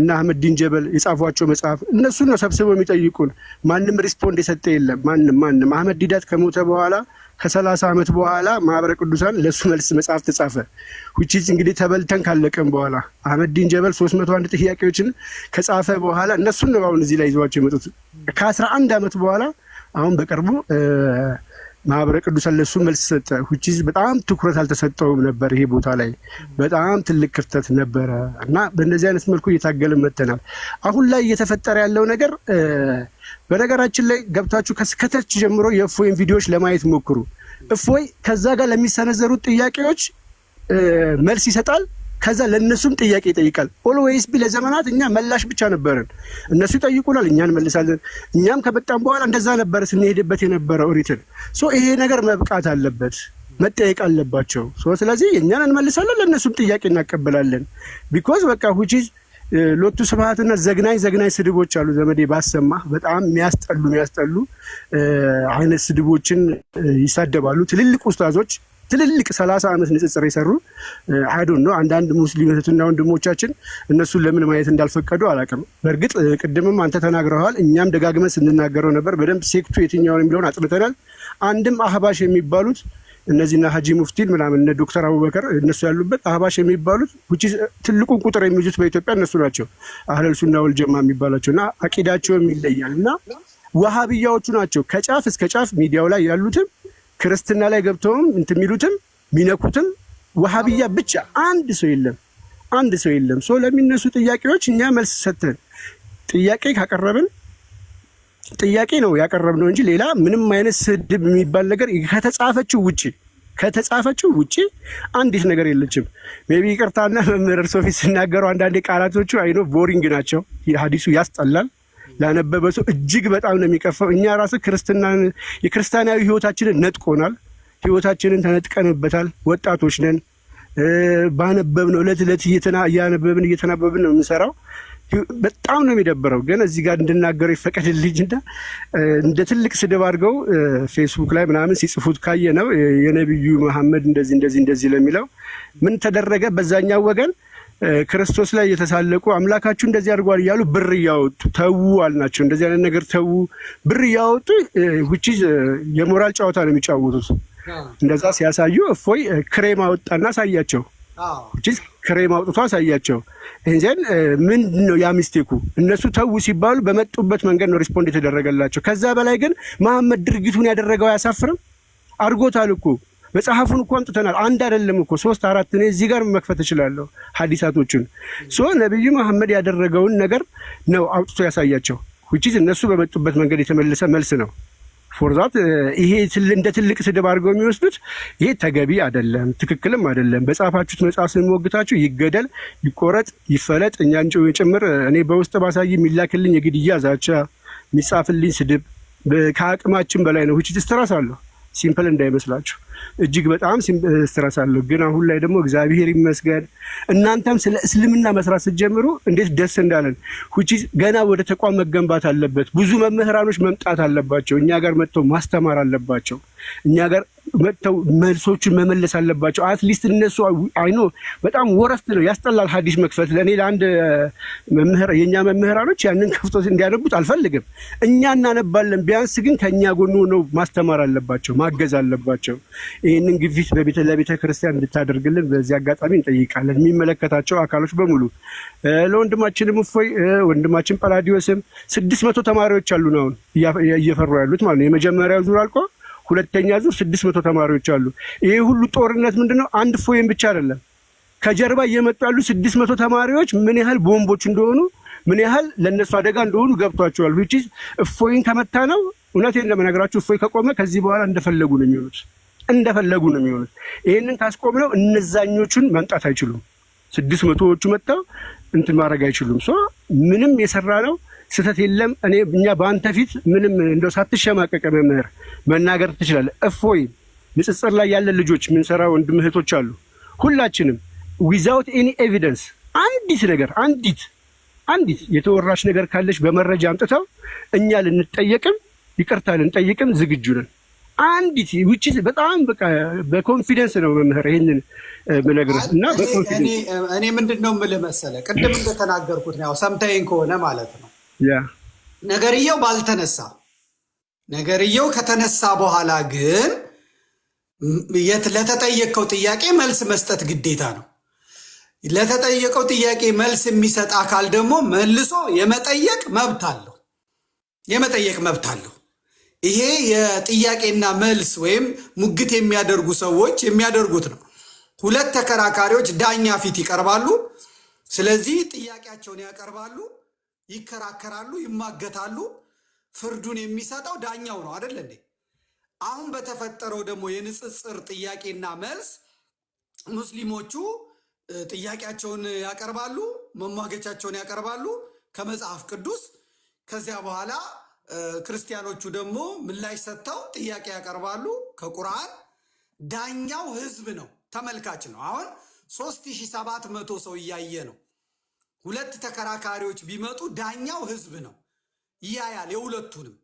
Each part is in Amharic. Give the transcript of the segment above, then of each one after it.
እና አህመዲን ጀበል የጻፏቸው መጽሐፍ እነሱን ነው ሰብስበው የሚጠይቁን። ማንም ሪስፖንድ የሰጠ የለም። ማንም ማንም አህመድ ዲዳት ከሞተ በኋላ ከሰላሳ ዓመት በኋላ ማህበረ ቅዱሳን ለእሱ መልስ መጽሐፍ ተጻፈ። ውጪ እንግዲህ ተበልተን ካለቀም በኋላ አህመዲን ጀበል ሶስት መቶ አንድ ጥያቄዎችን ከጻፈ በኋላ እነሱን ነው አሁን እዚህ ላይ ይዘዋቸው የመጡት ከአስራ አንድ ዓመት በኋላ አሁን በቅርቡ ማህበረ ቅዱሳን ለሱ መልስ ሰጠ። ውጭ በጣም ትኩረት አልተሰጠውም ነበር። ይሄ ቦታ ላይ በጣም ትልቅ ክፍተት ነበረ እና በእንደዚህ አይነት መልኩ እየታገለ መተናል። አሁን ላይ እየተፈጠረ ያለው ነገር በነገራችን ላይ ገብታችሁ ከስከተች ጀምሮ የእፎይን ቪዲዮዎች ለማየት ሞክሩ። እፎይ ከዛ ጋር ለሚሰነዘሩት ጥያቄዎች መልስ ይሰጣል። ከዛ ለእነሱም ጥያቄ ይጠይቃል። ኦልዌይስ ቢ ለዘመናት እኛ መላሽ ብቻ ነበርን። እነሱ ይጠይቁናል፣ እኛ እንመልሳለን። እኛም ከመጣም በኋላ እንደዛ ነበር ስንሄድበት የነበረው ሪትን ሶ ይሄ ነገር መብቃት አለበት መጠየቅ አለባቸው። ስለዚህ እኛን እንመልሳለን፣ ለእነሱም ጥያቄ እናቀበላለን። ቢኮዝ በቃ ሁቺ ሎቱ ስብሀትና ዘግናኝ ዘግናኝ ስድቦች አሉ። ዘመዴ ባሰማ በጣም የሚያስጠሉ የሚያስጠሉ አይነት ስድቦችን ይሳደባሉ ትልልቅ ውስታዞች ትልልቅ ሰላሳ ዓመት ንጽጽር የሰሩ አዱን ነው። አንዳንድ ሙስሊም እህትና ወንድሞቻችን እነሱን ለምን ማየት እንዳልፈቀዱ አላውቅም። በእርግጥ ቅድምም አንተ ተናግረዋል፣ እኛም ደጋግመን ስንናገረው ነበር። በደንብ ሴክቱ የትኛውን የሚለውን አጥብተናል። አንድም አህባሽ የሚባሉት እነዚህና ሀጂ ሙፍቲን ምናምን እነ ዶክተር አቡበከር እነሱ ያሉበት አህባሽ የሚባሉት ውጭ ትልቁን ቁጥር የሚይዙት በኢትዮጵያ እነሱ ናቸው። ሱና ወልጀማ የሚባላቸው እና አቂዳቸውም ይለያል እና ዋሃብያዎቹ ናቸው ከጫፍ እስከ ጫፍ ሚዲያው ላይ ያሉትም ክርስትና ላይ ገብተውም እንትን የሚሉትም የሚነኩትም ወሃብያ ብቻ አንድ ሰው የለም፣ አንድ ሰው የለም። ሰው ለሚነሱ ጥያቄዎች እኛ መልስ ሰጥተን ጥያቄ ካቀረብን ጥያቄ ነው ያቀረብነው እንጂ ሌላ ምንም አይነት ስድብ የሚባል ነገር ከተጻፈችው ውጪ ከተጻፈችው ውጪ አንዲት ነገር የለችም። ሜቢ ይቅርታና መምህር እርሶ ሲናገሩ አንዳንዴ ቃላቶቹ አይኖ ቦሪንግ ናቸው። ሀዲሱ ያስጠላል። ላነበበ ሰው እጅግ በጣም ነው የሚቀፈው። እኛ ራስ ክርስትናን የክርስቲያናዊ ህይወታችንን ነጥቆናል። ህይወታችንን ተነጥቀንበታል። ወጣቶች ነን። ባነበብ ነው እለት እለት እያነበብን እየተናበብን ነው የምንሰራው። በጣም ነው የሚደብረው። ግን እዚህ ጋር እንድናገረው ይፈቀድልኝ እንደ ትልቅ ስድብ አድርገው ፌስቡክ ላይ ምናምን ሲጽፉት ካየ ነው የነቢዩ መሐመድ እንደዚህ እንደዚህ እንደዚህ ለሚለው ምን ተደረገ በዛኛው ወገን ክርስቶስ ላይ እየተሳለቁ አምላካችሁ እንደዚህ አድርጓል እያሉ ብር እያወጡ ተዉ አልናቸው። እንደዚህ አይነት ነገር ተዉ። ብር እያወጡ ውጪ የሞራል ጨዋታ ነው የሚጫወቱት። እንደዛ ሲያሳዩ እፎይ ክሬም አወጣና አሳያቸው። ክሬም አውጥቶ አሳያቸው። ይህን ምንድን ነው ያ ሚስቴኩ? እነሱ ተዉ ሲባሉ በመጡበት መንገድ ነው ሪስፖንድ የተደረገላቸው። ከዛ በላይ ግን መሐመድ ድርጊቱን ያደረገው አያሳፍርም? አድርጎታል እኮ መጽሐፉን እኮ አምጥተናል። አንድ አይደለም እኮ ሶስት አራት፣ እኔ እዚህ ጋር መክፈት እችላለሁ ሀዲሳቶቹን። ሶ ነቢዩ መሐመድ ያደረገውን ነገር ነው አውጥቶ ያሳያቸው። ውጪ እነሱ በመጡበት መንገድ የተመለሰ መልስ ነው። ፎርዛት ይሄ እንደ ትልቅ ስድብ አድርገው የሚወስዱት ይሄ ተገቢ አይደለም፣ ትክክልም አይደለም። በጻፋችሁት መጽሐፍ ስንሞግታችሁ ይገደል፣ ይቆረጥ፣ ይፈለጥ እኛ እንጭ ጭምር እኔ በውስጥ ባሳይ የሚላክልኝ የግድያ ዛቻ፣ የሚጻፍልኝ ስድብ ከአቅማችን በላይ ነው። ውጭ ስትራስ አለሁ ሲምፕል እንዳይመስላችሁ። እጅግ በጣም ስትረሳለሁ። ግን አሁን ላይ ደግሞ እግዚአብሔር ይመስገን እናንተም ስለ እስልምና መስራት ስትጀምሩ እንዴት ደስ እንዳለን። ሁቺ ገና ወደ ተቋም መገንባት አለበት። ብዙ መምህራኖች መምጣት አለባቸው። እኛ ጋር መጥተው ማስተማር አለባቸው። እኛ ጋር መጥተው መልሶቹን መመለስ አለባቸው። አትሊስት እነሱ አይኖ በጣም ወረስት ነው፣ ያስጠላል። ሀዲስ መክፈት ለእኔ ለአንድ የእኛ መምህራኖች ያንን ከፍቶ እንዲያነቡት አልፈልግም። እኛ እናነባለን። ቢያንስ ግን ከእኛ ጎን ሆነው ማስተማር አለባቸው፣ ማገዝ አለባቸው። ይህንን ግፊት ለቤተ ክርስቲያን እንድታደርግልን በዚህ አጋጣሚ እንጠይቃለን። የሚመለከታቸው አካሎች በሙሉ ለወንድማችንም እፎይ ወንድማችን ጳላዲዮስም ስድስት መቶ ተማሪዎች አሉን አሁን እየፈሩ ያሉት ማለት ነው። የመጀመሪያው ዙር አልቆ ሁለተኛ ዙር ስድስት መቶ ተማሪዎች አሉ። ይህ ሁሉ ጦርነት ምንድነው ነው? አንድ እፎይም ብቻ አይደለም። ከጀርባ እየመጡ ያሉ ስድስት መቶ ተማሪዎች ምን ያህል ቦምቦች እንደሆኑ ምን ያህል ለእነሱ አደጋ እንደሆኑ ገብቷቸዋል። እፎይን ከመታ ነው እውነት ለመነግራችሁ እፎይ ከቆመ ከዚህ በኋላ እንደፈለጉ ነው የሚሆኑት። እንደፈለጉ ነው የሚሆኑት። ይህንን ካስቆምነው እነዛኞቹን መምጣት አይችሉም። ስድስት መቶዎቹ መጥተው እንትን ማድረግ አይችሉም። ሶ ምንም የሰራ ነው ስህተት የለም። እኔ እኛ በአንተ ፊት ምንም እንደው ሳትሸማቀቀ መምህር መናገር ትችላለህ። እፎይ ንጽጽር ላይ ያለ ልጆች ምንሰራ ወንድም እህቶች አሉ። ሁላችንም ዊዛውት ኤኒ ኤቪደንስ አንዲት ነገር አንዲት አንዲት የተወራች ነገር ካለች በመረጃ አምጥተው እኛ ልንጠየቅም ይቅርታ ልንጠይቅም ዝግጁ ነን። አንዲት ውጭ በጣም በቃ በኮንፊደንስ ነው መምህር ይህንን ብነግርህ እና በኮንፊደንስ እኔ ምንድን ነው የምልህ መሰለህ ቅድም እንደተናገርኩት ነው ያው ሰምተኸኝ ከሆነ ማለት ነው ነገርየው ባልተነሳ ነገርየው ከተነሳ በኋላ ግን የት ለተጠየቀው ጥያቄ መልስ መስጠት ግዴታ ነው። ለተጠየቀው ጥያቄ መልስ የሚሰጥ አካል ደግሞ መልሶ የመጠየቅ መብት አለው። የመጠየቅ መብት አለው። ይሄ የጥያቄና መልስ ወይም ሙግት የሚያደርጉ ሰዎች የሚያደርጉት ነው። ሁለት ተከራካሪዎች ዳኛ ፊት ይቀርባሉ። ስለዚህ ጥያቄያቸውን ያቀርባሉ፣ ይከራከራሉ፣ ይማገታሉ። ፍርዱን የሚሰጠው ዳኛው ነው አደለ እንዴ? አሁን በተፈጠረው ደግሞ የንጽጽር ጥያቄና መልስ ሙስሊሞቹ ጥያቄያቸውን ያቀርባሉ፣ መሟገቻቸውን ያቀርባሉ ከመጽሐፍ ቅዱስ ከዚያ በኋላ ክርስቲያኖቹ ደግሞ ምላሽ ሰጥተው ጥያቄ ያቀርባሉ ከቁርአን። ዳኛው ህዝብ ነው፣ ተመልካች ነው። አሁን 3700 ሰው እያየ ነው። ሁለት ተከራካሪዎች ቢመጡ ዳኛው ህዝብ ነው፣ ያያል የሁለቱንም።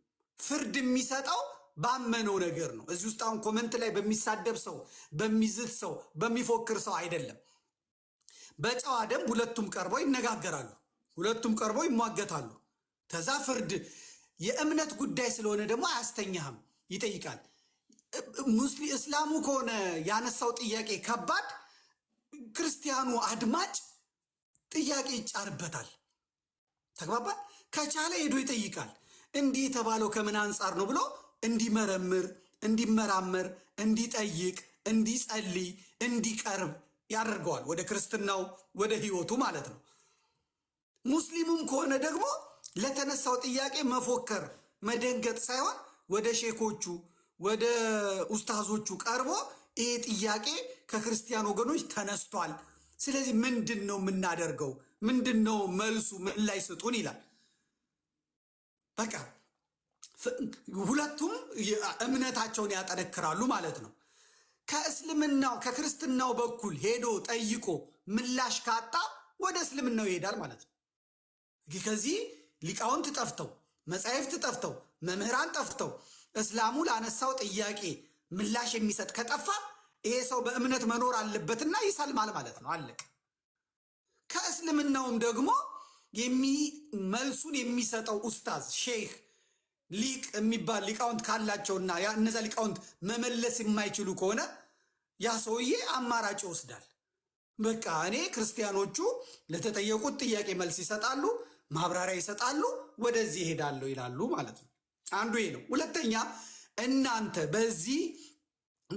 ፍርድ የሚሰጠው ባመነው ነገር ነው። እዚህ ውስጥ አሁን ኮመንት ላይ በሚሳደብ ሰው፣ በሚዝት ሰው፣ በሚፎክር ሰው አይደለም። በጨዋ ደንብ ሁለቱም ቀርበው ይነጋገራሉ፣ ሁለቱም ቀርበው ይሟገታሉ። ከዛ ፍርድ የእምነት ጉዳይ ስለሆነ ደግሞ አያስተኛህም፣ ይጠይቃል። ሙስሊም እስላሙ ከሆነ ያነሳው ጥያቄ ከባድ፣ ክርስቲያኑ አድማጭ ጥያቄ ይጫርበታል። ተግባባ። ከቻለ ሄዶ ይጠይቃል። እንዲህ የተባለው ከምን አንጻር ነው ብሎ እንዲመረምር፣ እንዲመራመር፣ እንዲጠይቅ፣ እንዲጸልይ፣ እንዲቀርብ ያደርገዋል። ወደ ክርስትናው ወደ ህይወቱ ማለት ነው። ሙስሊሙም ከሆነ ደግሞ ለተነሳው ጥያቄ መፎከር መደንገጥ ሳይሆን ወደ ሼኮቹ ወደ ኡስታዞቹ ቀርቦ ይህ ጥያቄ ከክርስቲያን ወገኖች ተነስቷል፣ ስለዚህ ምንድን ነው የምናደርገው? ምንድን ነው መልሱ? ምን ላይ ስጡን ይላል። በቃ ሁለቱም እምነታቸውን ያጠነክራሉ ማለት ነው። ከእስልምናው ከክርስትናው በኩል ሄዶ ጠይቆ ምላሽ ካጣ ወደ እስልምናው ይሄዳል ማለት ነው ከዚህ ሊቃውንት ጠፍተው፣ መጻሕፍት ጠፍተው፣ መምህራን ጠፍተው እስላሙ ላነሳው ጥያቄ ምላሽ የሚሰጥ ከጠፋ ይሄ ሰው በእምነት መኖር አለበትና ይሰልማል ማለት ነው። አለቅ ከእስልምናውም ደግሞ መልሱን የሚሰጠው ኡስታዝ፣ ሼህ፣ ሊቅ የሚባል ሊቃውንት ካላቸውና እነዚያ ሊቃውንት መመለስ የማይችሉ ከሆነ ያ ሰውዬ አማራጭ ይወስዳል። በቃ እኔ ክርስቲያኖቹ ለተጠየቁት ጥያቄ መልስ ይሰጣሉ ማብራሪያ ይሰጣሉ፣ ወደዚህ ይሄዳሉ ይላሉ ማለት ነው። አንዱ ይሄ ነው። ሁለተኛ እናንተ በዚህ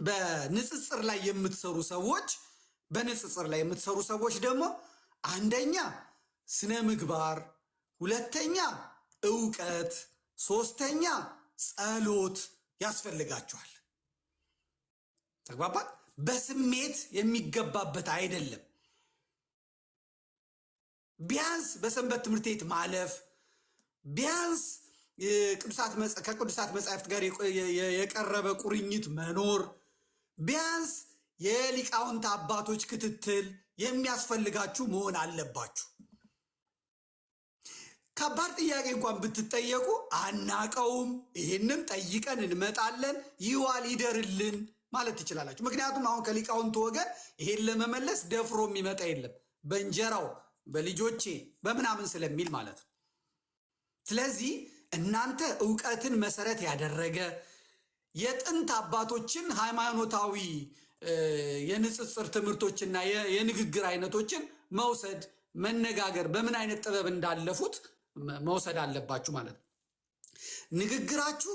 በንጽጽር ላይ የምትሰሩ ሰዎች በንጽጽር ላይ የምትሰሩ ሰዎች ደግሞ አንደኛ ስነ ምግባር፣ ሁለተኛ እውቀት፣ ሶስተኛ ጸሎት ያስፈልጋችኋል። ተግባባን። በስሜት የሚገባበት አይደለም። ቢያንስ በሰንበት ትምህርት ቤት ማለፍ ቢያንስ ከቅዱሳት መጻሕፍት ጋር የቀረበ ቁርኝት መኖር ቢያንስ የሊቃውንት አባቶች ክትትል የሚያስፈልጋችሁ መሆን አለባችሁ። ከባድ ጥያቄ እንኳን ብትጠየቁ አናቀውም፣ ይህንም ጠይቀን እንመጣለን፣ ይዋል ይደርልን ማለት ትችላላችሁ። ምክንያቱም አሁን ከሊቃውንት ወገን ይሄን ለመመለስ ደፍሮ የሚመጣ የለም በእንጀራው በልጆቼ በምናምን ስለሚል ማለት ነው። ስለዚህ እናንተ እውቀትን መሰረት ያደረገ የጥንት አባቶችን ሃይማኖታዊ የንጽጽር ትምህርቶችና የንግግር አይነቶችን መውሰድ መነጋገር በምን አይነት ጥበብ እንዳለፉት መውሰድ አለባችሁ ማለት ነው። ንግግራችሁ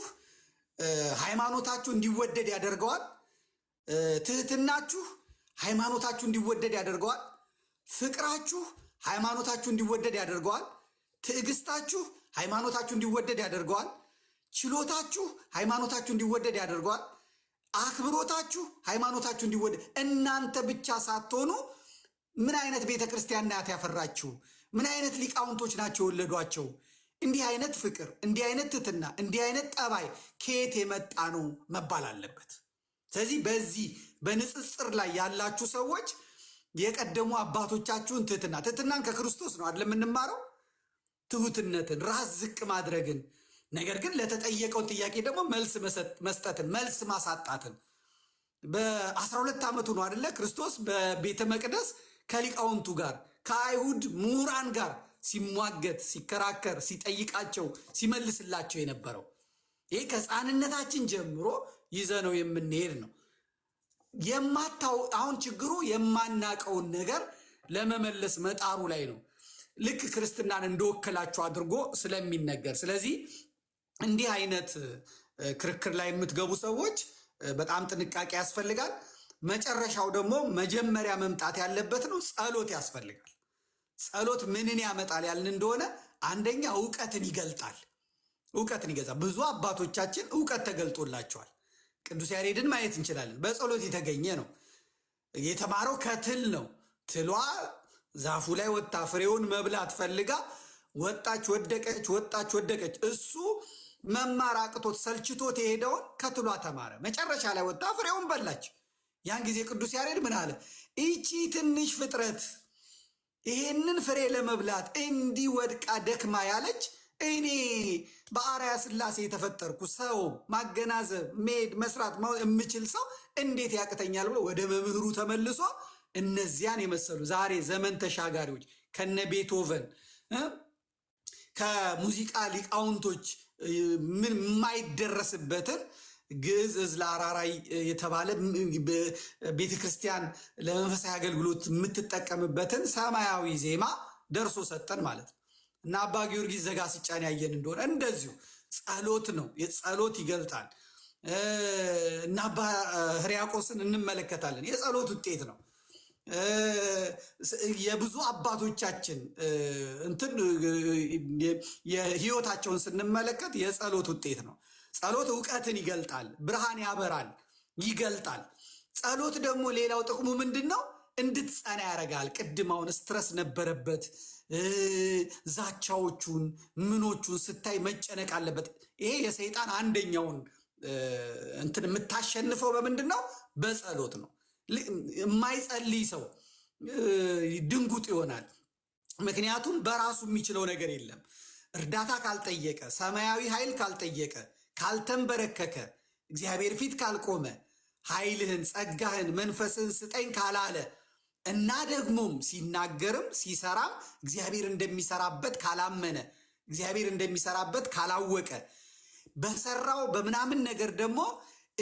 ሃይማኖታችሁ እንዲወደድ ያደርገዋል። ትህትናችሁ ሃይማኖታችሁ እንዲወደድ ያደርገዋል። ፍቅራችሁ ሃይማኖታችሁ እንዲወደድ ያደርገዋል። ትዕግስታችሁ ሃይማኖታችሁ እንዲወደድ ያደርገዋል። ችሎታችሁ ሃይማኖታችሁ እንዲወደድ ያደርገዋል። አክብሮታችሁ ሃይማኖታችሁ እንዲወደድ እናንተ ብቻ ሳትሆኑ ምን አይነት ቤተ ክርስቲያን ናት ያፈራችሁ? ምን አይነት ሊቃውንቶች ናቸው የወለዷቸው? እንዲህ አይነት ፍቅር፣ እንዲህ አይነት ትትና፣ እንዲህ አይነት ጠባይ ከየት የመጣ ነው መባል አለበት። ስለዚህ በዚህ በንጽጽር ላይ ያላችሁ ሰዎች የቀደሙ አባቶቻችሁን ትህትና ትህትናን ከክርስቶስ ነው አይደል የምንማረው? ትሁትነትን፣ ራስ ዝቅ ማድረግን፣ ነገር ግን ለተጠየቀውን ጥያቄ ደግሞ መልስ መስጠትን፣ መልስ ማሳጣትን። በአስራ ሁለት ዓመቱ ነው አይደለ ክርስቶስ በቤተ መቅደስ ከሊቃውንቱ ጋር ከአይሁድ ምሁራን ጋር ሲሟገት፣ ሲከራከር፣ ሲጠይቃቸው፣ ሲመልስላቸው የነበረው ይህ ከሕፃንነታችን ጀምሮ ይዘነው የምንሄድ ነው። የማታው አሁን ችግሩ የማናቀውን ነገር ለመመለስ መጣሩ ላይ ነው። ልክ ክርስትናን እንደወከላቸው አድርጎ ስለሚነገር ስለዚህ እንዲህ አይነት ክርክር ላይ የምትገቡ ሰዎች በጣም ጥንቃቄ ያስፈልጋል። መጨረሻው ደግሞ መጀመሪያ መምጣት ያለበት ነው፣ ጸሎት ያስፈልጋል። ጸሎት ምንን ያመጣል ያልን እንደሆነ አንደኛ እውቀትን ይገልጣል። እውቀትን ይገልጻል። ብዙ አባቶቻችን እውቀት ተገልጦላቸዋል። ቅዱስ ያሬድን ማየት እንችላለን። በጸሎት የተገኘ ነው። የተማረው ከትል ነው። ትሏ ዛፉ ላይ ወጣ ፍሬውን መብላት ፈልጋ ወጣች፣ ወደቀች፣ ወጣች፣ ወደቀች። እሱ መማር አቅቶት ሰልችቶት የሄደውን ከትሏ ተማረ። መጨረሻ ላይ ወጣ ፍሬውን በላች። ያን ጊዜ ቅዱስ ያሬድ ምን አለ? ይቺ ትንሽ ፍጥረት ይሄንን ፍሬ ለመብላት እንዲህ ወድቃ ደክማ ያለች እኔ በአርያ ስላሴ የተፈጠርኩ ሰው ማገናዘብ፣ መሄድ፣ መስራት የምችል ሰው እንዴት ያቅተኛል ብሎ ወደ መምህሩ ተመልሶ እነዚያን የመሰሉ ዛሬ ዘመን ተሻጋሪዎች ከነ ቤቶቨን ከሙዚቃ ሊቃውንቶች ምን የማይደረስበትን ግዕዝ እዝለ አራራይ የተባለ ቤተክርስቲያን ለመንፈሳዊ አገልግሎት የምትጠቀምበትን ሰማያዊ ዜማ ደርሶ ሰጠን ማለት ነው። እና አባ ጊዮርጊስ ዘጋ ሲጫን ያየን እንደሆነ እንደዚሁ ጸሎት ነው። የጸሎት ይገልጣል እና አባ እንመለከታለን። የጸሎት ውጤት ነው። የብዙ አባቶቻችን እንትን የህይወታቸውን ስንመለከት የጸሎት ውጤት ነው። ጸሎት እውቀትን ይገልጣል፣ ብርሃን ያበራል፣ ይገልጣል። ጸሎት ደግሞ ሌላው ጥቅሙ ምንድን ነው? እንድትጸና ያደርጋል። ቅድማውን ስትረስ ነበረበት ዛቻዎቹን ምኖቹን ስታይ መጨነቅ አለበት። ይሄ የሰይጣን አንደኛውን እንትን የምታሸንፈው በምንድን ነው? በጸሎት ነው። የማይጸልይ ሰው ድንጉጥ ይሆናል። ምክንያቱም በራሱ የሚችለው ነገር የለም። እርዳታ ካልጠየቀ፣ ሰማያዊ ኃይል ካልጠየቀ፣ ካልተንበረከከ፣ እግዚአብሔር ፊት ካልቆመ፣ ኃይልህን፣ ጸጋህን፣ መንፈስህን ስጠኝ ካላለ እና ደግሞም ሲናገርም ሲሰራም እግዚአብሔር እንደሚሰራበት ካላመነ እግዚአብሔር እንደሚሰራበት ካላወቀ በሰራው በምናምን ነገር ደግሞ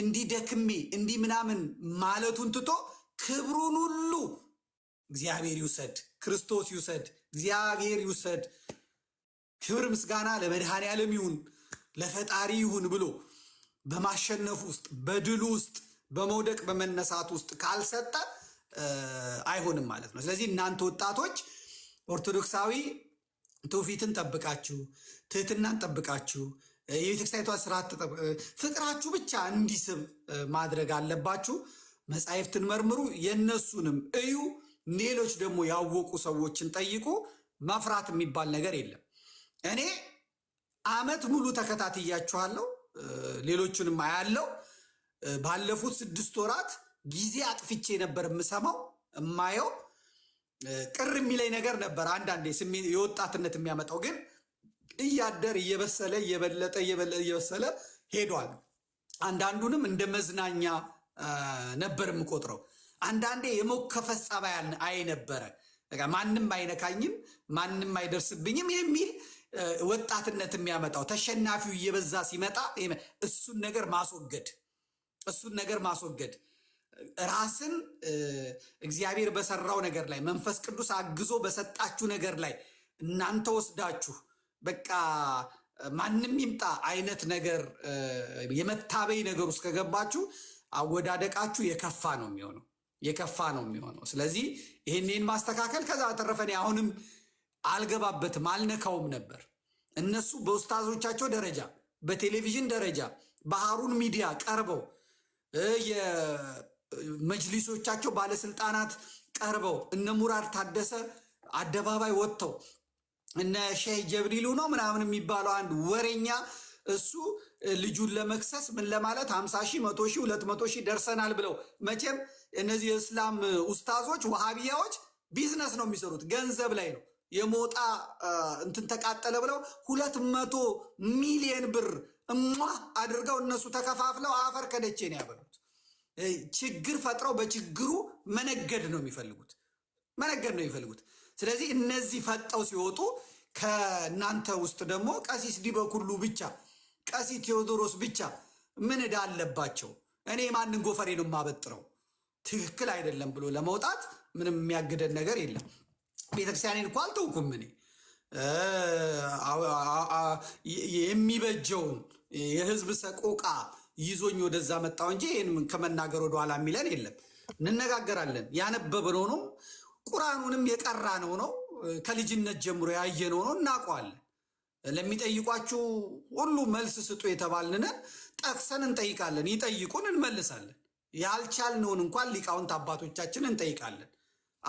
እንዲህ ደክሜ እንዲህ ምናምን ማለቱን ትቶ ክብሩን ሁሉ እግዚአብሔር ይውሰድ፣ ክርስቶስ ይውሰድ፣ እግዚአብሔር ይውሰድ። ክብር ምስጋና ለመድኃኔ ዓለም ይሁን ለፈጣሪ ይሁን ብሎ በማሸነፍ ውስጥ በድሉ ውስጥ በመውደቅ በመነሳት ውስጥ ካልሰጠ አይሆንም ማለት ነው። ስለዚህ እናንተ ወጣቶች ኦርቶዶክሳዊ ትውፊትን ጠብቃችሁ ትህትናን ጠብቃችሁ የቤተክርስቲያኒቷ ስርዓት ፍቅራችሁ ብቻ እንዲስብ ማድረግ አለባችሁ። መጻሕፍትን መርምሩ፣ የእነሱንም እዩ። ሌሎች ደግሞ ያወቁ ሰዎችን ጠይቁ። መፍራት የሚባል ነገር የለም። እኔ አመት ሙሉ ተከታትያችኋለሁ፣ ሌሎቹንም አያለው። ባለፉት ስድስት ወራት ጊዜ አጥፍቼ ነበር የምሰማው የማየው ቅር የሚለኝ ነገር ነበር። አንዳንዴ የወጣትነት የሚያመጣው ግን እያደር እየበሰለ እየበለጠ እየበለጠ እየበሰለ ሄዷል። አንዳንዱንም እንደ መዝናኛ ነበር የምቆጥረው። አንዳንዴ የሞከፈስ ጸባይ አይ ነበረ ማንም አይነካኝም፣ ማንም አይደርስብኝም የሚል ወጣትነት የሚያመጣው ተሸናፊው እየበዛ ሲመጣ እሱን ነገር ማስወገድ እሱን ነገር ማስወገድ ራስን እግዚአብሔር በሰራው ነገር ላይ መንፈስ ቅዱስ አግዞ በሰጣችሁ ነገር ላይ እናንተ ወስዳችሁ በቃ ማንም ይምጣ አይነት ነገር የመታበይ ነገር ውስጥ ከገባችሁ አወዳደቃችሁ የከፋ ነው የሚሆነው የከፋ ነው የሚሆነው። ስለዚህ ይህንን ማስተካከል። ከዛ በተረፈ እኔ አሁንም አልገባበትም አልነካውም ነበር። እነሱ በውስታዞቻቸው ደረጃ በቴሌቪዥን ደረጃ በሃሩን ሚዲያ ቀርበው መጅሊሶቻቸው ባለስልጣናት ቀርበው እነ ሙራድ ታደሰ አደባባይ ወጥተው እነ ሼህ ጀብሪሉ ነው ምናምን የሚባለው አንድ ወሬኛ እሱ ልጁን ለመክሰስ ምን ለማለት ሀምሳ ሺህ መቶ ሺህ ሁለት መቶ ሺህ ደርሰናል ብለው መቼም እነዚህ የእስላም ኡስታዞች ወሃቢያዎች ቢዝነስ ነው የሚሰሩት፣ ገንዘብ ላይ ነው። የሞጣ እንትን ተቃጠለ ብለው ሁለት መቶ ሚሊየን ብር እሟ አድርገው እነሱ ተከፋፍለው አፈር ከደቼ ነው ያበሉ። ችግር ፈጥረው በችግሩ መነገድ ነው የሚፈልጉት መነገድ ነው የሚፈልጉት። ስለዚህ እነዚህ ፈጠው ሲወጡ ከእናንተ ውስጥ ደግሞ ቀሲስ ዲበኩሉ ብቻ ቀሲስ ቴዎድሮስ ብቻ ምን እዳ አለባቸው? እኔ ማንን ጎፈሬ ነው የማበጥረው? ትክክል አይደለም ብሎ ለመውጣት ምንም የሚያግደን ነገር የለም። ቤተክርስቲያኔን እኮ አልተውኩም እኔ የሚበጀውን የህዝብ ሰቆቃ ይዞኝ ወደዛ መጣው እንጂ ይህን ከመናገር ወደኋላ የሚለን የለም። እንነጋገራለን። ያነበብነው ነው፣ ቁርአኑንም የቀራነው ነው፣ ከልጅነት ጀምሮ ያየነው ነው፣ እናውቀዋለን። ለሚጠይቋችሁ ሁሉ መልስ ስጡ የተባልንን ጠቅሰን እንጠይቃለን። ይጠይቁን፣ እንመልሳለን። ያልቻልነውን እንኳን ሊቃውንት አባቶቻችን እንጠይቃለን።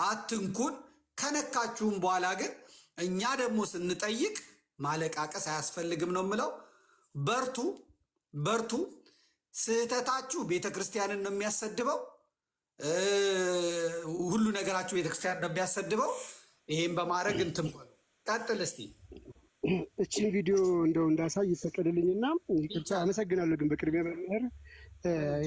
አትንኩን። ከነካችሁም በኋላ ግን እኛ ደግሞ ስንጠይቅ ማለቃቀስ አያስፈልግም ነው የምለው። በርቱ በርቱ። ስህተታችሁ ቤተ ክርስቲያንን ነው የሚያሰድበው። ሁሉ ነገራችሁ ቤተ ክርስቲያን ነው የሚያሰድበው። ይህም በማድረግ እንትም ቀጥል እስቲ እችን ቪዲዮ እንደው እንዳሳይ ይፈቀድልኝና አመሰግናለሁ። ግን በቅድሚያ በምህር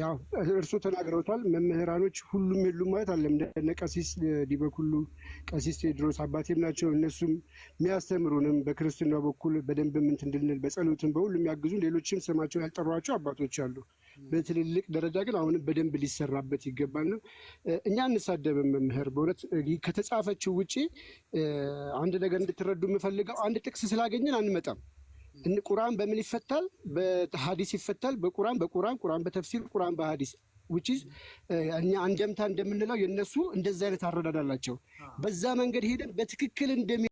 ያው እርሱ ተናግረውታል። መምህራኖች ሁሉም የሉም ማለት አለም እንደነ ቀሲስ ዲበኩሉ ቀሲስ ቴድሮስ አባቴም ናቸው። እነሱም የሚያስተምሩንም በክርስትና በኩል በደንብ ምንት እንድንል በጸሎትም በሁሉ የሚያግዙ ሌሎችም ስማቸው ያልጠሯቸው አባቶች አሉ። በትልልቅ ደረጃ ግን አሁንም በደንብ ሊሰራበት ይገባል ነው። እኛ እንሳደብም መምህር በእውነት ከተጻፈችው ውጪ አንድ ነገር እንድትረዱ የምፈልገው አንድ ጥቅስ ስላገኘን አንመጣም ቁርአን በምን ይፈታል? በሀዲስ ይፈታል። በቁርአን በቁርአን ቁርአን በተፍሲር ቁርአን በሀዲስ ውጪ እኛ አንደምታ እንደምንለው የነሱ እንደዛ አይነት አረዳዳላቸው በዛ መንገድ ሄደን በትክክል እንደሚ